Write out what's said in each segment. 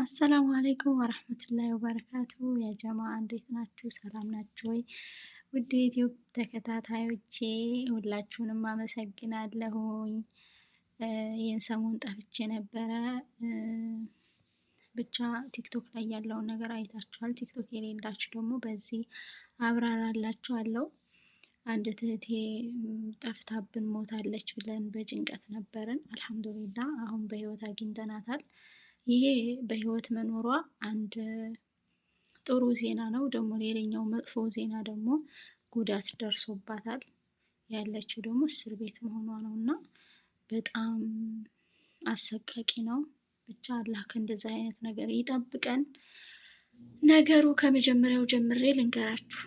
አሰላሙ አለይኩም ወረህመቱላሂ ወበረካቱ። የጀማ እንዴት ናችሁ? ሰላም ናችሁ ወይ? ውድ የዩቲዩብ ተከታታዮቼ ሁላችሁንም አመሰግናለሁኝ። ይህን ሰሞን ጠፍቼ ነበረ። ብቻ ቲክቶክ ላይ ያለውን ነገር አይታችኋል። ቲክቶክ የሌላችሁ ደግሞ በዚህ አብራራላችኋለሁ። አንድ ትህቴ ጠፍታብን ሞታለች ብለን በጭንቀት ነበርን። አልሐምዱሊላ አሁን በህይወት አግኝተናታል። ይሄ በህይወት መኖሯ አንድ ጥሩ ዜና ነው። ደግሞ ሌላኛው መጥፎ ዜና ደግሞ ጉዳት ደርሶባታል። ያለችው ደግሞ እስር ቤት መሆኗ ነው እና በጣም አሰቃቂ ነው። ብቻ አላህ ከእንደዚህ አይነት ነገር ይጠብቀን። ነገሩ ከመጀመሪያው ጀምሬ ልንገራችሁ።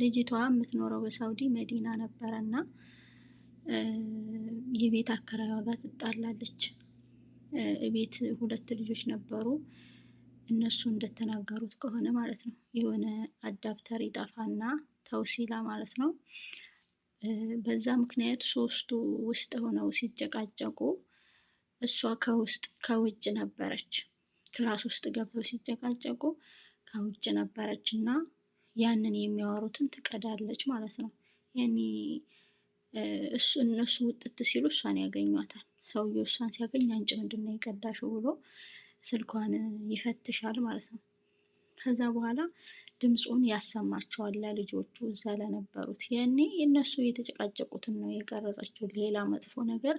ልጅቷ የምትኖረው በሳውዲ መዲና ነበረ እና የቤት አከራይዋ ጋር ትጣላለች። እቤት ሁለት ልጆች ነበሩ። እነሱ እንደተናገሩት ከሆነ ማለት ነው የሆነ አዳፕተር ይጠፋና ተውሲላ ማለት ነው። በዛ ምክንያት ሶስቱ ውስጥ ሆነው ሲጨቃጨቁ እሷ ከውስጥ ከውጭ ነበረች። ክላስ ውስጥ ገብተው ሲጨቃጨቁ ከውጭ ነበረች እና ያንን የሚያወሩትን ትቀዳለች ማለት ነው። ያኔ እነሱ ውጥት ሲሉ እሷን ያገኟታል። ሰውየው እሷን ሲያገኝ አንቺ ምንድን ነው የቀዳሽው ብሎ ስልኳን ይፈትሻል ማለት ነው። ከዛ በኋላ ድምፁን ያሰማቸዋል ለልጆቹ እዛ ለነበሩት። ያኔ እነሱ የተጨቃጨቁትን ነው የቀረጸችው፣ ሌላ መጥፎ ነገር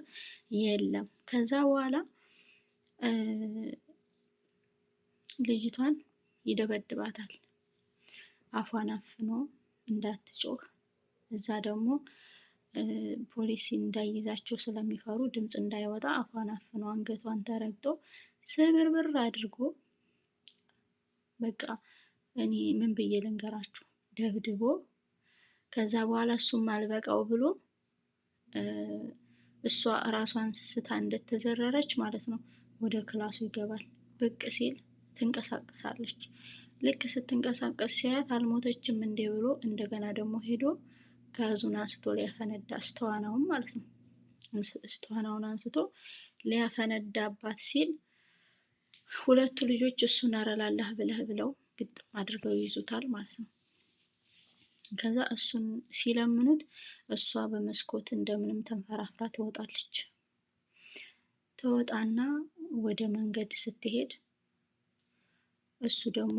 የለም። ከዛ በኋላ ልጅቷን ይደበድባታል፣ አፏን አፍኖ እንዳትጮህ እዛ ደግሞ ፖሊስ እንዳይዛቸው ስለሚፈሩ ድምፅ እንዳይወጣ አፏን አፍኖ አንገቷን ተረግጦ ስብርብር አድርጎ በቃ እኔ ምን ብዬ ልንገራችሁ፣ ደብድቦ ከዛ በኋላ እሱም አልበቃው ብሎ እሷ እራሷን ስታ እንደተዘረረች ማለት ነው ወደ ክላሱ ይገባል። ብቅ ሲል ትንቀሳቀሳለች። ልክ ስትንቀሳቀስ ሲያያት አልሞተችም እንዴ ብሎ እንደገና ደግሞ ሄዶ ጋዙን አንስቶ ሊያፈነዳ እስተዋናውን ማለት ነው። እስተዋናውን አንስቶ ሊያፈነዳባት ሲል ሁለቱ ልጆች እሱን አረላላህ ብለህ ብለው ግጥም አድርገው ይዙታል ማለት ነው። ከዛ እሱን ሲለምኑት እሷ በመስኮት እንደምንም ተንፈራፍራ ትወጣለች። ትወጣና ወደ መንገድ ስትሄድ እሱ ደግሞ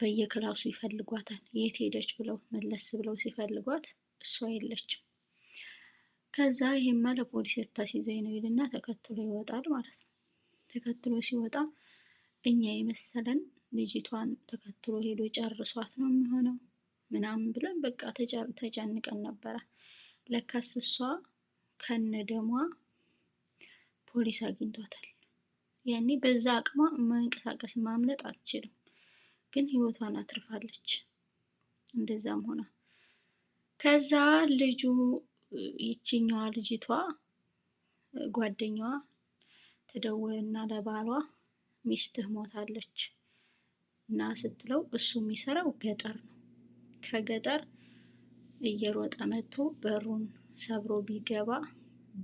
በየክላሱ ይፈልጓታል። የት ሄደች ብለው መለስ ብለው ሲፈልጓት እሷ የለችም። ከዛ ይሄማ ለፖሊስ ልታስይዘኝ ነው ይልና ተከትሎ ይወጣል ማለት ነው። ተከትሎ ሲወጣ እኛ የመሰለን ልጅቷን ተከትሎ ሄዶ ጨርሷት ነው የሚሆነው ምናምን ብለን በቃ ተጨንቀን ነበረ። ለካስ እሷ ከነ ደሟ ፖሊስ አግኝቷታል። ያኔ በዛ አቅሟ መንቀሳቀስ ማምለጥ አትችልም፣ ግን ህይወቷን አትርፋለች እንደዛም ሆና ከዛ ልጁ ይችኛዋ ልጅቷ ጓደኛዋ ና ለባሏ ሚስትህ ሞታለች እና ስትለው እሱ የሚሰራው ገጠር ነው። ከገጠር እየሮጠ መጥቶ በሩን ሰብሮ ቢገባ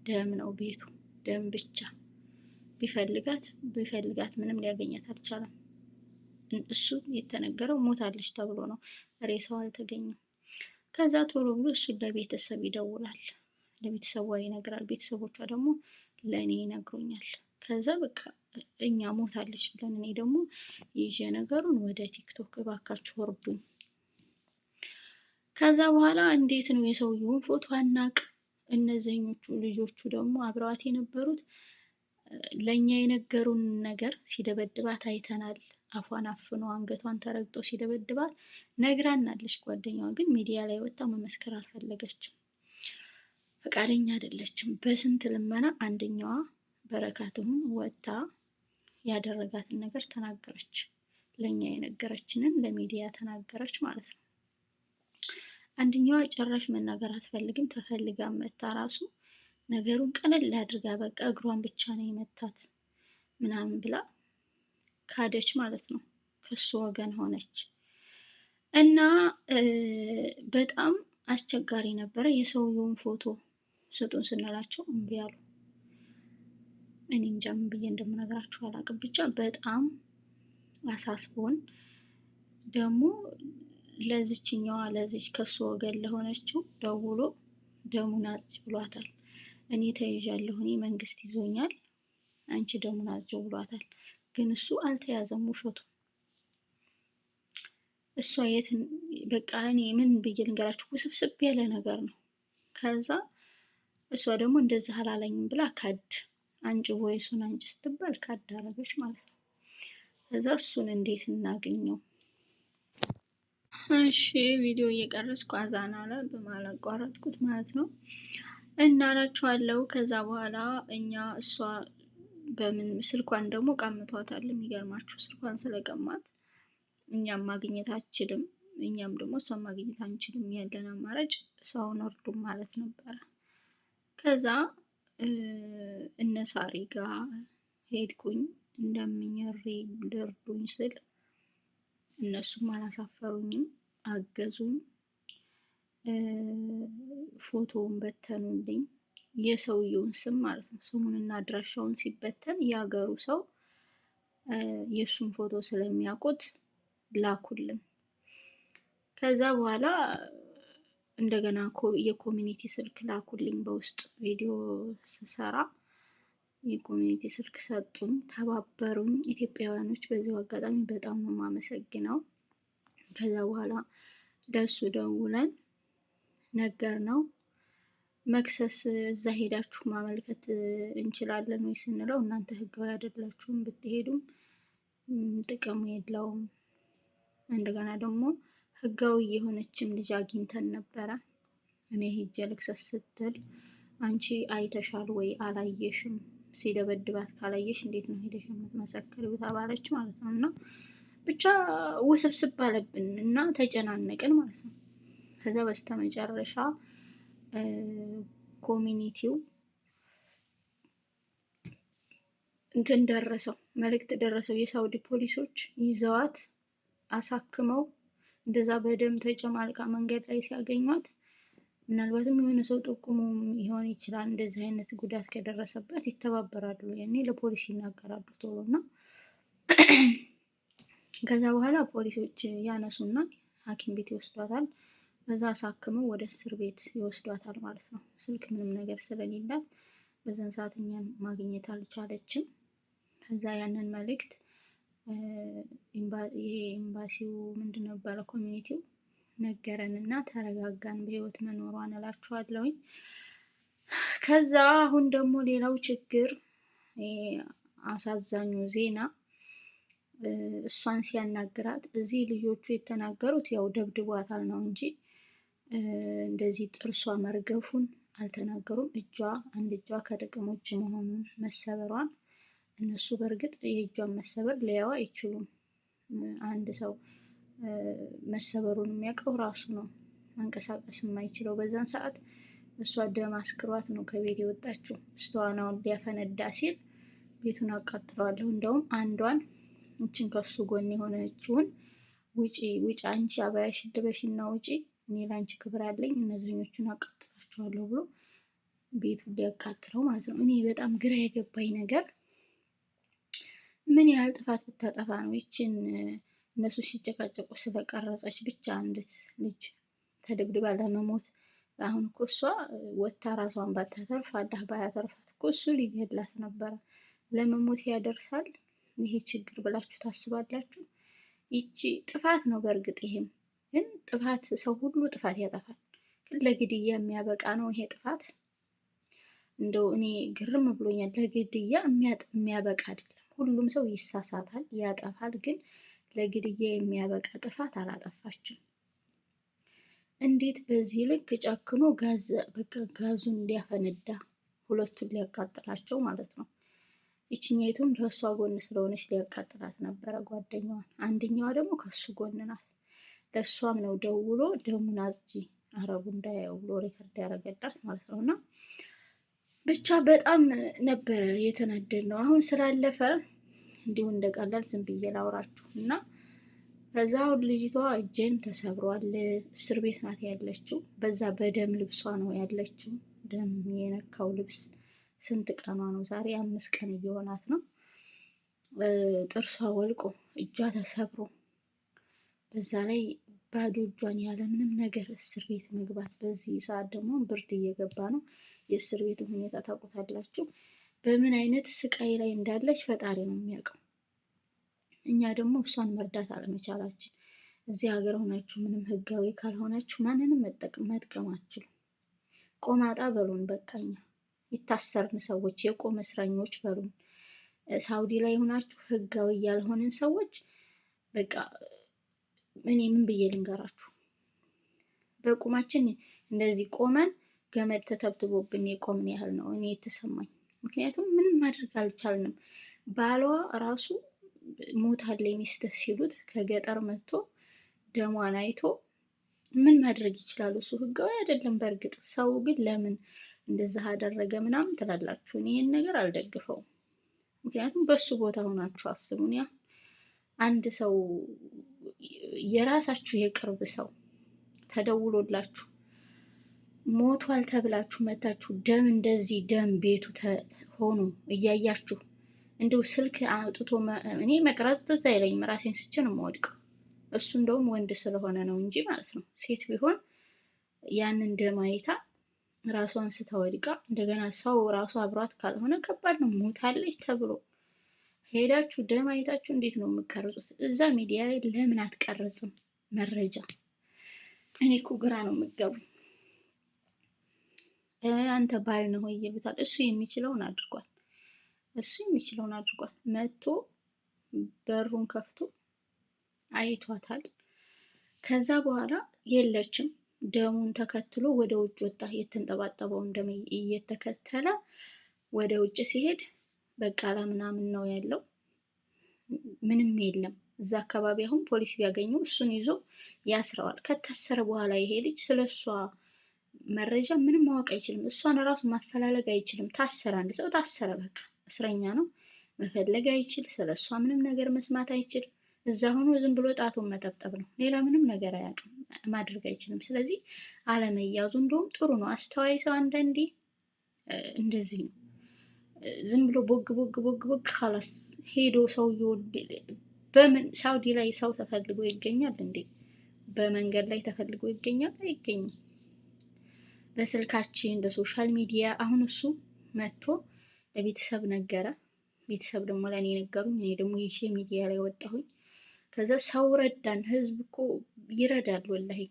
ደም ነው ቤቱ፣ ደም ብቻ። ቢፈልጋት ቢፈልጋት ምንም ሊያገኛት አልቻለም። እሱ የተነገረው ሞታለች ተብሎ ነው። ሬሳው አልተገኘም። ከዛ ቶሎ ብሎ እሱ ለቤተሰብ ይደውላል፣ ለቤተሰቧ ይነግራል። ቤተሰቦቿ ደግሞ ለእኔ ይነግሩኛል። ከዛ በቃ እኛ ሞታለች ብለን እኔ ደግሞ ይዤ ነገሩን ወደ ቲክቶክ እባካችሁ ወርዱኝ። ከዛ በኋላ እንዴት ነው የሰውየውን ፎቶ አናቅ። እነዚህኞቹ ልጆቹ ደግሞ አብረዋት የነበሩት ለእኛ የነገሩን ነገር ሲደበድባት አይተናል። አፏን አፍኖ አንገቷን ተረግጦ ሲደበድባት ነግራናለች። ጓደኛዋ ግን ሚዲያ ላይ ወጣ መመስከር አልፈለገችም፣ ፈቃደኛ አይደለችም። በስንት ልመና አንደኛዋ በረካትሁን ወጥታ ያደረጋትን ነገር ተናገረች። ለእኛ የነገረችንን ለሚዲያ ተናገረች ማለት ነው። አንደኛዋ ጭራሽ መናገር አትፈልግም። ተፈልጋ መታ ራሱ ነገሩን ቀለል አድርጋ በቃ እግሯን ብቻ ነው የመታት ምናምን ብላ ካደች ማለት ነው። ከሱ ወገን ሆነች እና በጣም አስቸጋሪ ነበረ። የሰውየውን ፎቶ ስጡን ስንላቸው እምቢ አሉ። እኔ እንጃ ምን ብዬ እንደምነግራችሁ አላውቅም። ብቻ በጣም አሳስቦን ደግሞ ለዚችኛዋ ለዚች ከሱ ወገን ለሆነችው ደውሎ ደሙን አጽጅ ብሏታል። እኔ ተይዣለሁ፣ እኔ መንግስት ይዞኛል፣ አንቺ ደሙን አጽጆ ብሏታል። ግን እሱ አልተያዘም ውሸቱ። እሷ የት በቃ እኔ ምን ብዬ ልንገራችሁ፣ ውስብስብ ያለ ነገር ነው። ከዛ እሷ ደግሞ እንደዚህ አላለኝም ብላ ካድ አንጭ ወይሱን አንጭ ስትባል ካድ አረገች ማለት ነው። ከዛ እሱን እንዴት እናገኘው? እሺ ቪዲዮ እየቀረጽኩ አዛና ላይ በማላቋረጥኩት ማለት ነው እና አላችኋለሁ። ከዛ በኋላ እኛ እሷ በምን ስልኳን ደግሞ ቀምቷታል። የሚገርማችሁ ስልኳን ስለቀማት እኛም ማግኘት አችልም፣ እኛም ደግሞ እሷን ማግኘት አንችልም። ያለን አማራጭ ሰውን እርዱ ማለት ነበረ። ከዛ እነ ሳሪ ሄድኩኝ እንደምኝሪ ልርዱኝ ስል እነሱም አላሳፈሩኝም፣ አገዙኝ፣ ፎቶውን በተኑልኝ። የሰውየውን ስም ማለት ነው ስሙንና አድራሻውን ሲበተን የሀገሩ ሰው የእሱን ፎቶ ስለሚያውቁት ላኩልን። ከዛ በኋላ እንደገና የኮሚኒቲ ስልክ ላኩልኝ። በውስጥ ቪዲዮ ስሰራ የኮሚኒቲ ስልክ ሰጡኝ፣ ተባበሩኝ ኢትዮጵያውያኖች። በዚሁ አጋጣሚ በጣም ነው የማመሰግነው። ከዛ በኋላ ደሱ ደውለን ነገር ነው መክሰስ እዛ ሄዳችሁ ማመልከት እንችላለን ወይ ስንለው እናንተ ህጋዊ አይደላችሁም፣ ብትሄዱም ጥቅሙ የለውም። እንደገና ደግሞ ህጋዊ የሆነችም ልጅ አግኝተን ነበረ። እኔ ሄጄ ልክሰስ ስትል አንቺ አይተሻል ወይ አላየሽም? ሲደበድባት ካላየሽ እንዴት ነው ሄደሽ የምትመሰክር? ብታባለች ማለት ነው እና ብቻ ውስብስብ አለብን እና ተጨናነቅን ማለት ነው። ከዛ በስተመጨረሻ ኮሚኒቲው እንትን ደረሰው መልእክት ደረሰው። የሳውዲ ፖሊሶች ይዘዋት አሳክመው እንደዛ በደም ተጨማልቃ መንገድ ላይ ሲያገኟት ምናልባትም የሆነ ሰው ጠቁሞ ሊሆን ይችላል። እንደዚህ አይነት ጉዳት ከደረሰበት ይተባበራሉ፣ ያኔ ለፖሊስ ይናገራሉ ቶሎ እና ከዛ በኋላ ፖሊሶች ያነሱና ሐኪም ቤት ይወስዷታል። በዛ አሳክመው ወደ እስር ቤት ይወስዷታል ማለት ነው። ስልክ ምንም ነገር ስለሌላት በዛን ሰዓት እኛን ማግኘት አልቻለችም። ከዛ ያንን መልእክት ይሄ ኤምባሲው ምንድን ነው ኮሚኒቲው ነገረን እና ተረጋጋን፣ በህይወት መኖሯን እላችኋለሁኝ። ከዛ አሁን ደግሞ ሌላው ችግር አሳዛኙ ዜና እሷን ሲያናግራት እዚህ ልጆቹ የተናገሩት ያው ደብድቧታል ነው እንጂ እንደዚህ ጥርሷ መርገፉን አልተናገሩም። እጇ አንድ እጇ ከጥቅም ውጭ መሆኑን መሰበሯን እነሱ በእርግጥ የእጇን መሰበር ሊያዩ አይችሉም። አንድ ሰው መሰበሩን የሚያውቀው ራሱ ነው፣ መንቀሳቀስ የማይችለው በዛን ሰዓት። እሷ ደም አስክሯት ነው ከቤት የወጣችው። እስተዋናውን ሊያፈነዳ ሲል ቤቱን አቃጥለዋለሁ። እንደውም አንዷን እችን ከሱ ጎን የሆነችውን ውጪ ውጪ አንቺ አባያሽ ልበሽና ውጪ እኔ ለአንቺ ክብር አለኝ እነዚህኞቹን አቃጥላቸዋለሁ ብሎ ቤቱ ሊያቃጥለው ማለት ነው። እኔ በጣም ግራ የገባኝ ነገር ምን ያህል ጥፋት ብታጠፋ ነው ይችን እነሱ ሲጨቃጨቁ ስለቀረጸች ብቻ አንዲት ልጅ ተደብድባ ለመሞት አሁን እኮ እሷ ወታ ራሷን ባታተርፍ አላህ ባያተርፋት እኮ እሱ ሊገድላት ነበረ። ለመሞት ያደርሳል ይሄ ችግር ብላችሁ ታስባላችሁ? ይቺ ጥፋት ነው በእርግጥ ይሄም ግን ጥፋት ሰው ሁሉ ጥፋት ያጠፋል። ግን ለግድያ የሚያበቃ ነው ይሄ ጥፋት። እንደው እኔ ግርም ብሎኛል። ለግድያ የሚያበቃ አይደለም። ሁሉም ሰው ይሳሳታል፣ ያጠፋል። ግን ለግድያ የሚያበቃ ጥፋት አላጠፋችም። እንዴት በዚህ ልክ ጨክኖ ጋዙን ሊያፈነዳ ሁለቱን ሊያቃጥላቸው ማለት ነው። ይችኛይቱም ከእሷ ጎን ስለሆነች ሊያቃጥላት ነበረ ጓደኛዋን። አንደኛዋ ደግሞ ከሱ ጎን ናት። ለእሷም ነው ደውሎ ደሙን አጽጂ አረቡ እንዳያው ብሎ ሪከርድ ያደረገላት ማለት ነው። እና ብቻ በጣም ነበረ የተናደድ ነው። አሁን ስላለፈ እንዲሁ እንደቀላል ዝም ብዬ ላውራችሁ እና ከዛ አሁን ልጅቷ እጄም ተሰብሯል። እስር ቤት ናት ያለችው። በዛ በደም ልብሷ ነው ያለችው። ደም የነካው ልብስ ስንት ቀኗ ነው ዛሬ? አምስት ቀን እየሆናት ነው። ጥርሷ ወልቆ እጇ ተሰብሮ በዛ ላይ ባዶ እጇን ያለምንም ነገር እስር ቤት መግባት። በዚህ ሰዓት ደግሞ ብርድ እየገባ ነው። የእስር ቤቱ ሁኔታ ታውቁታላችሁ። በምን አይነት ስቃይ ላይ እንዳለች ፈጣሪ ነው የሚያውቀው። እኛ ደግሞ እሷን መርዳት አለመቻላችን፣ እዚህ ሀገር ሆናችሁ ምንም ህጋዊ ካልሆናችሁ ማንንም መጥቀም አትችሉም። ቆማጣ በሉን በቃኛ፣ የታሰርን ሰዎች የቆመ እስረኞች በሉን። ሳውዲ ላይ ሆናችሁ ህጋዊ ያልሆንን ሰዎች በቃ እኔ ምን ብዬ ልንገራችሁ? በቁማችን እንደዚህ ቆመን ገመድ ተተብትቦብን የቆምን ያህል ነው እኔ የተሰማኝ። ምክንያቱም ምንም ማድረግ አልቻልንም። ባሏ ራሱ ሞታለች ሚስትህ ሲሉት ከገጠር መጥቶ ደሟን አይቶ ምን ማድረግ ይችላሉ? እሱ ህጋዊ አይደለም። በእርግጥ ሰው ግን ለምን እንደዛ አደረገ ምናምን ትላላችሁ። ይህን ነገር አልደግፈውም። ምክንያቱም በሱ ቦታ ሆናችሁ አስቡን። ያ አንድ ሰው የራሳችሁ የቅርብ ሰው ተደውሎላችሁ ሞቷል ተብላችሁ መታችሁ ደም እንደዚህ ደም ቤቱ ሆኖ እያያችሁ እንደው ስልክ አውጥቶ እኔ መቅረጽ ትዝ አይለኝም። ራሴን ስችን ነው የምወድቀው። እሱ እንደውም ወንድ ስለሆነ ነው እንጂ ማለት ነው። ሴት ቢሆን ያንን ደም አይታ ራሷን ስተወድቃ እንደገና ሰው ራሱ አብሯት ካልሆነ ከባድ ነው። ሞታለች ተብሎ ሄዳችሁ ደም አይታችሁ እንዴት ነው የምቀርጹት? እዛ ሚዲያ ላይ ለምን አትቀረጽም መረጃ? እኔ እኮ ግራ ነው የምገቡ። አንተ ባል ነው ይብታል። እሱ የሚችለውን አድርጓል። እሱ የሚችለውን አድርጓል። መጥቶ በሩን ከፍቶ አይቷታል። ከዛ በኋላ የለችም። ደሙን ተከትሎ ወደ ውጭ ወጣ። የተንጠባጠበውን ደም እየተከተለ ወደ ውጭ ሲሄድ በቃላ ምናምን ነው ያለው። ምንም የለም እዛ አካባቢ። አሁን ፖሊስ ቢያገኘው እሱን ይዞ ያስረዋል። ከታሰረ በኋላ ይሄ ልጅ ስለ እሷ መረጃ ምንም ማወቅ አይችልም። እሷን ራሱ ማፈላለግ አይችልም። ታሰረ። አንድ ሰው ታሰረ፣ በቃ እስረኛ ነው። መፈለግ አይችል፣ ስለ እሷ ምንም ነገር መስማት አይችል። እዛ ሆኖ ዝም ብሎ ጣቱን መጠብጠብ ነው። ሌላ ምንም ነገር አያውቅም፣ ማድረግ አይችልም። ስለዚህ አለመያዙ እንደውም ጥሩ ነው። አስተዋይ ሰው አንዳንዴ እንደዚህ ነው። ዝም ብሎ ቦግ ቦግ ቦግ ቦግ ካላስ ሄዶ ሰውየው በምን ሳውዲ ላይ ሰው ተፈልጎ ይገኛል እንዴ? በመንገድ ላይ ተፈልጎ ይገኛል አይገኝም። በስልካችን በሶሻል ሚዲያ አሁን እሱ መጥቶ ለቤተሰብ ነገረ። ቤተሰብ ደግሞ ለእኔ ነገሩኝ። እኔ ደግሞ ይዤ ሚዲያ ላይ ወጣሁኝ። ከዛ ሰው ረዳን። ህዝብ እኮ ይረዳል ወላሂ።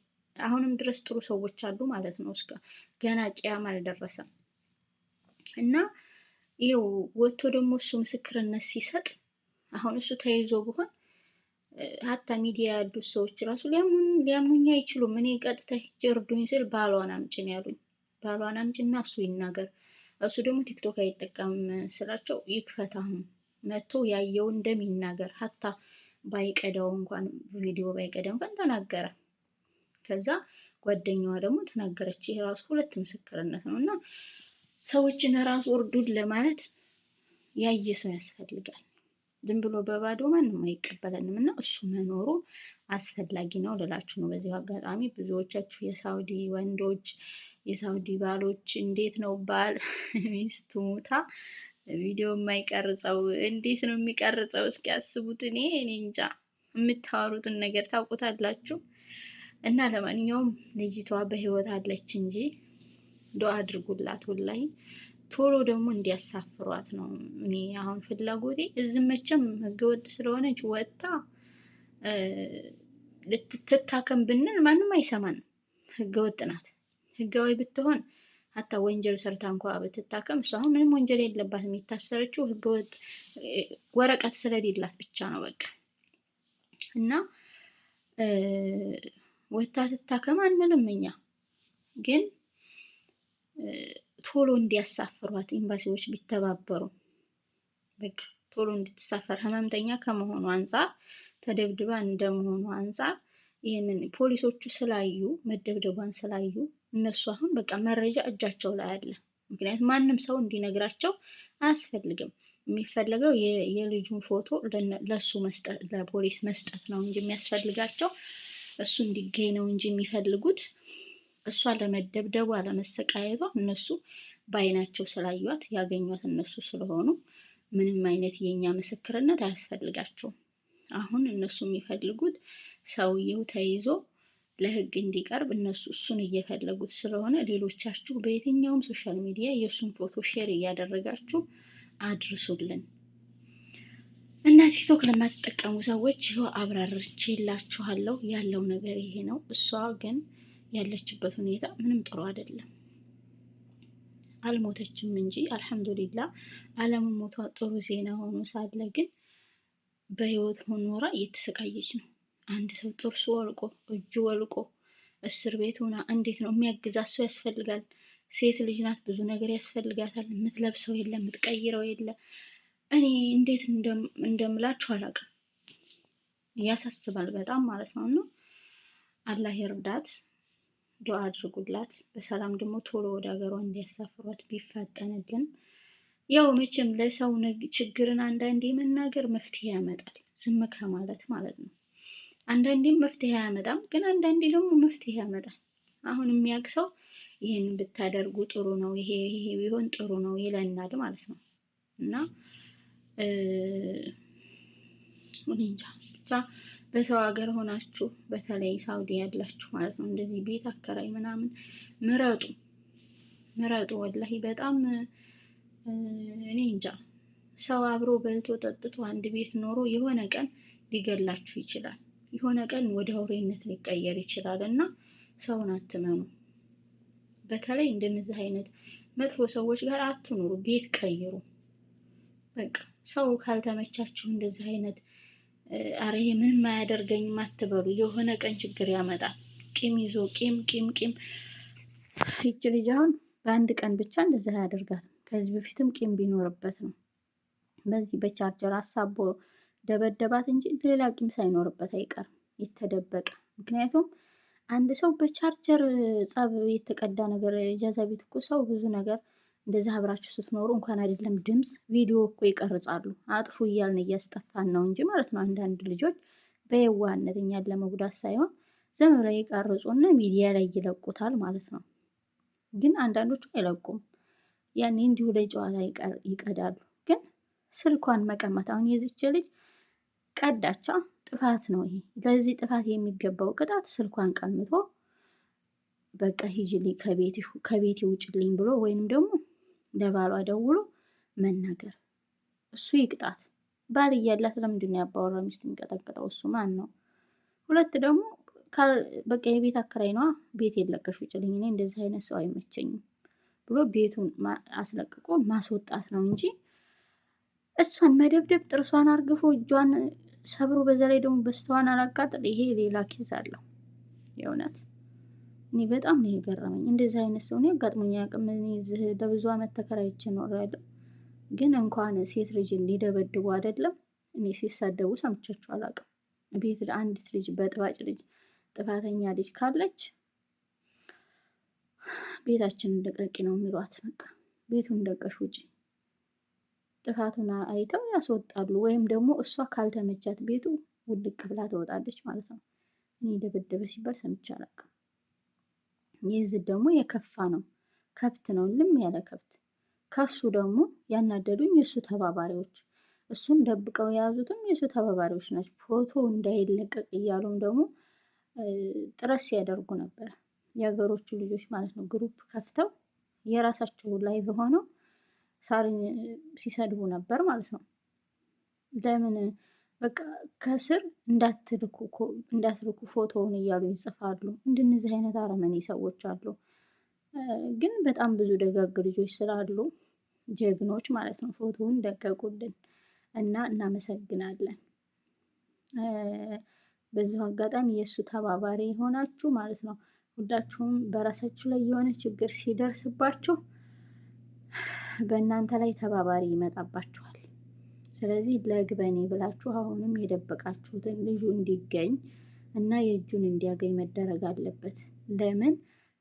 አሁንም ድረስ ጥሩ ሰዎች አሉ ማለት ነው። እስከ ገና ቅያም አልደረሰም እና ይኸው ወጥቶ ደግሞ እሱ ምስክርነት ሲሰጥ አሁን እሱ ተይዞ ብሆን ሀታ ሚዲያ ያሉት ሰዎች ራሱ ሊያምኑኝ አይችሉም። እኔ ቀጥታ ሂጅ እርዱኝ ስል ባሏን አምጭን ያሉኝ። ባሏን አምጭና እሱ ይናገር፣ እሱ ደግሞ ቲክቶክ አይጠቀምም ስላቸው ይክፈታም መጥቶ ያየው ደም ይናገር። ሀታ ባይቀዳው እንኳን ቪዲዮ ባይቀዳው እንኳን ተናገረ። ከዛ ጓደኛዋ ደግሞ ተናገረች። ይሄ ራሱ ሁለት ምስክርነት ነው እና ሰዎችን ራሱ እርዱን ለማለት ያየ ሰው ያስፈልጋል። ዝም ብሎ በባዶ ማንም አይቀበለንም እና እሱ መኖሩ አስፈላጊ ነው ልላችሁ ነው። በዚሁ አጋጣሚ ብዙዎቻችሁ የሳውዲ ወንዶች፣ የሳውዲ ባሎች እንዴት ነው ባል ሚስቱ ሙታ ቪዲዮ የማይቀርጸው እንዴት ነው የሚቀርጸው? እስኪ ያስቡት። እኔ እኔ እንጃ የምታወሩትን ነገር ታውቁታላችሁ። እና ለማንኛውም ልጅቷ በህይወት አለች እንጂ ዱአ አድርጉላት ወላሂ ቶሎ ደግሞ እንዲያሳፍሯት ነው። እኔ አሁን ፍላጎቴ እዚህ መቼም ህገወጥ ስለሆነች ወጣ ልትታከም ብንል ማንም አይሰማን። ህገወጥ ናት። ህጋዊ ብትሆን አታ ወንጀል ሰርታ እንኳ ብትታከም እሷ አሁን ምንም ወንጀል የለባትም። የታሰረችው ህገወጥ ወረቀት ስለሌላት ብቻ ነው በቃ እና ወታ ትታከም አንልም እኛ ግን ቶሎ እንዲያሳፍሯት ኤምባሲዎች ቢተባበሩ በቃ ቶሎ እንድትሳፈር ህመምተኛ ከመሆኑ አንጻር ተደብድባ እንደመሆኑ አንጻር ይህንን ፖሊሶቹ ስላዩ መደብደቧን ስላዩ እነሱ አሁን በቃ መረጃ እጃቸው ላይ አለ። ምክንያቱም ማንም ሰው እንዲነግራቸው አያስፈልግም። የሚፈልገው የልጁን ፎቶ ለሱ መስጠት ለፖሊስ መስጠት ነው እንጂ የሚያስፈልጋቸው እሱ እንዲገኝ ነው እንጂ የሚፈልጉት እሷ ለመደብደቧ ለመሰቃየቷ እነሱ በአይናቸው ስላዩት ያገኟት እነሱ ስለሆኑ ምንም አይነት የእኛ ምስክርነት አያስፈልጋቸውም። አሁን እነሱ የሚፈልጉት ሰውየው ተይዞ ለህግ እንዲቀርብ እነሱ እሱን እየፈለጉት ስለሆነ ሌሎቻችሁ በየትኛውም ሶሻል ሚዲያ የእሱን ፎቶ ሼር እያደረጋችሁ አድርሱልን እና ቲክቶክ ለማትጠቀሙ ሰዎች ይኸው አብራርቼላችኋለሁ። ያለው ነገር ይሄ ነው። እሷ ግን ያለችበት ሁኔታ ምንም ጥሩ አይደለም። አልሞተችም እንጂ አልሐምዱሊላ አለመሞቷ ጥሩ ዜና ሆኖ ሳለ ግን በህይወት ሆኖራ እየተሰቃየች ነው። አንድ ሰው ጥርሱ ወልቆ እጁ ወልቆ እስር ቤት ሆና እንዴት ነው የሚያግዛት? ሰው ያስፈልጋል። ሴት ልጅ ናት፣ ብዙ ነገር ያስፈልጋታል። የምትለብሰው የለ፣ የምትቀይረው የለ። እኔ እንዴት እንደምላችሁ አላውቅም። ያሳስባል በጣም ማለት ነው። እና አላህ ይርዳት። ዱዓ አድርጉላት። በሰላም ደግሞ ቶሎ ወደ ሀገሯ እንዲያሳፍሯት ቢፋጠንልን። ያው መቼም ለሰው ችግርን አንዳንዴ መናገር መፍትሄ ያመጣል፣ ዝም ከማለት ማለት ነው። አንዳንዴም መፍትሄ አያመጣም፣ ግን አንዳንዴ ደግሞ መፍትሄ ያመጣል። አሁን የሚያውቅ ሰው ይህን ብታደርጉ ጥሩ ነው፣ ይሄ ይሄ ቢሆን ጥሩ ነው ይለናል ማለት ነው። እና እኔ እንጃ ብቻ በሰው ሀገር ሆናችሁ በተለይ ሳውዲ ያላችሁ ማለት ነው እንደዚህ ቤት አከራይ ምናምን ምረጡ ምረጡ። ወላሂ በጣም እኔ እንጃ ሰው አብሮ በልቶ ጠጥቶ አንድ ቤት ኖሮ የሆነ ቀን ሊገላችሁ ይችላል። የሆነ ቀን ወደ አውሬነት ሊቀየር ይችላል እና ሰውን አትመኑ። በተለይ እንደነዚህ አይነት መጥፎ ሰዎች ጋር አትኑሩ። ቤት ቀይሩ። በቃ ሰው ካልተመቻችሁ እንደዚህ አይነት አረ ይሄ ምንም አያደርገኝም አትበሉ። የሆነ ቀን ችግር ያመጣል። ቂም ይዞ ቂም ቂም ቂም። ይች ልጅ አሁን በአንድ ቀን ብቻ እንደዛ አያደርጋትም። ከዚህ በፊትም ቂም ቢኖርበት ነው በዚህ በቻርጀር አሳቦ ደበደባት እንጂ ሌላ ቂም ሳይኖርበት አይቀርም የተደበቀ። ምክንያቱም አንድ ሰው በቻርጀር ጸብ የተቀዳ ነገር ጀዘቢት እኮ ሰው ብዙ ነገር እንደዚህ አብራችሁ ስትኖሩ እንኳን አይደለም ድምፅ ቪዲዮ እኮ ይቀርጻሉ። አጥፉ እያልን እያስጠፋን ነው እንጂ ማለት ነው። አንዳንድ ልጆች በየዋህነት እኛን ለመጉዳት ሳይሆን ዝም ብለው ይቀርጹና ሚዲያ ላይ ይለቁታል ማለት ነው። ግን አንዳንዶቹ አይለቁም። ያኔ እንዲሁ ላይ ጨዋታ ይቀዳሉ። ግን ስልኳን መቀማት አሁን የዚች ልጅ ቀዳቻ ጥፋት ነው ይሄ። ለዚህ ጥፋት የሚገባው ቅጣት ስልኳን ቀምቶ በቃ ሂጅልኝ ከቤት ከቤት ይውጭልኝ ብሎ ወይንም ደግሞ ለባሏ ደውሎ መናገር እሱ ይቅጣት። ባል እያላት ለምንድን ያባወራ ሚስት የሚቀጠቅጠው? እሱ ማን ነው? ሁለት ደግሞ በቃ የቤት አከራይ ነዋ። ቤት የለቀሽ ውጭልኝ፣ እኔ እንደዚህ አይነት ሰው አይመቸኝም ብሎ ቤቱን አስለቅቆ ማስወጣት ነው እንጂ እሷን መደብደብ፣ ጥርሷን አርግፎ እጇን ሰብሮ፣ በዛ ላይ ደግሞ በስተዋን አላቃጥል፣ ይሄ ሌላ ኬዝ አለው የእውነት እኔ በጣም ነው የገረመኝ። እንደዚህ አይነት ሰው እኔ አጋጥሞኝ አያውቅም። እዚህ ለብዙ ዓመት ተከራይቼ እኖራለሁ፣ ግን እንኳን ሴት ልጅ ሊደበድቡ አይደለም እኔ ሲሳደቡ ሰምቻቸው አላውቅም። ቤት አንዲት ልጅ በጥባጭ ልጅ ጥፋተኛ ልጅ ካለች ቤታችንን ልቀቂ ነው የሚሏት። በቃ ቤቱን ለቀሽ ውጪ። ጥፋቱን አይተው ያስወጣሉ፣ ወይም ደግሞ እሷ ካልተመቻት ቤቱ ውልቅ ብላ ትወጣለች ማለት ነው። እኔ ደበደበ ሲባል ሰምቼ አላውቅም። ይህ ደግሞ የከፋ ነው። ከብት ነው ልም ያለ ከብት። ከሱ ደግሞ ያናደዱኝ የእሱ ተባባሪዎች እሱን ደብቀው የያዙትም የእሱ ተባባሪዎች ናቸው። ፎቶ እንዳይለቀቅ እያሉም ደግሞ ጥረት ሲያደርጉ ነበር። የሀገሮቹ ልጆች ማለት ነው። ግሩፕ ከፍተው የራሳቸው ላይ ሆነው ሳርን ሲሰድቡ ነበር ማለት ነው። ለምን በቃ ከስር እንዳትልኩ ፎቶውን እያሉ ይጽፋሉ። እንደነዚህ አይነት አረመኔ ሰዎች አሉ። ግን በጣም ብዙ ደጋግ ልጆች ስላሉ ጀግኖች ማለት ነው ፎቶውን ደቀቁልን እና እናመሰግናለን። በዚሁ አጋጣሚ የእሱ ተባባሪ የሆናችሁ ማለት ነው ሁላችሁም በራሳችሁ ላይ የሆነ ችግር ሲደርስባችሁ በእናንተ ላይ ተባባሪ ይመጣባችኋል። ስለዚህ ለግበኔ ብላችሁ አሁንም የደበቃችሁትን ልጁ እንዲገኝ እና የእጁን እንዲያገኝ መደረግ አለበት። ለምን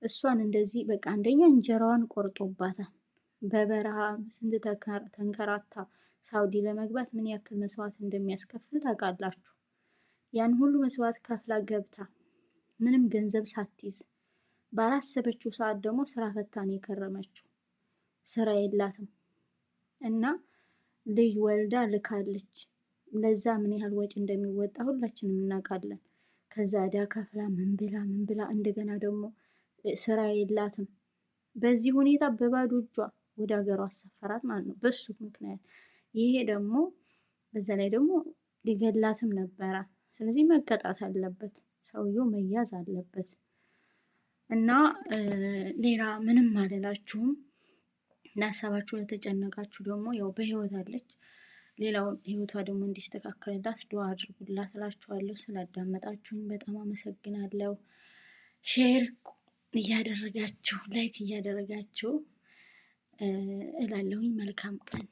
እሷን እንደዚህ በቃ አንደኛ እንጀራዋን ቆርጦባታል። በበረሃ ስንት ተንከራታ ሳውዲ ለመግባት ምን ያክል መስዋዕት እንደሚያስከፍል ታውቃላችሁ። ያን ሁሉ መስዋዕት ከፍላ ገብታ ምንም ገንዘብ ሳትይዝ ባላሰበችው ሰዓት ደግሞ ስራ ፈታ ነው የከረመችው። ስራ የላትም እና ልጅ ወልዳ ልካለች። ለዛ ምን ያህል ወጪ እንደሚወጣ ሁላችንም እናውቃለን። ከዛ እዳ ከፍላ ምን ብላ ምን ብላ እንደገና ደግሞ ስራ የላትም። በዚህ ሁኔታ በባዶ እጇ ወደ ሀገሯ አሰፈራት ማለት ነው በሱ ምክንያት። ይሄ ደግሞ በዛ ላይ ደግሞ ሊገላትም ነበረ። ስለዚህ መቀጣት አለበት ሰውየው መያዝ አለበት። እና ሌላ ምንም አልላችሁም። ለሀሳባችሁ ለተጨነቃችሁ ደግሞ ያው በህይወት አለች። ሌላውን ህይወቷ ደግሞ እንዲስተካከልላት ዱዓ አድርጉላት እላችኋለሁ። ስላዳመጣችሁኝ በጣም አመሰግናለሁ። ሼር እያደረጋችሁ ላይክ እያደረጋችሁ እላለሁኝ። መልካም ቀን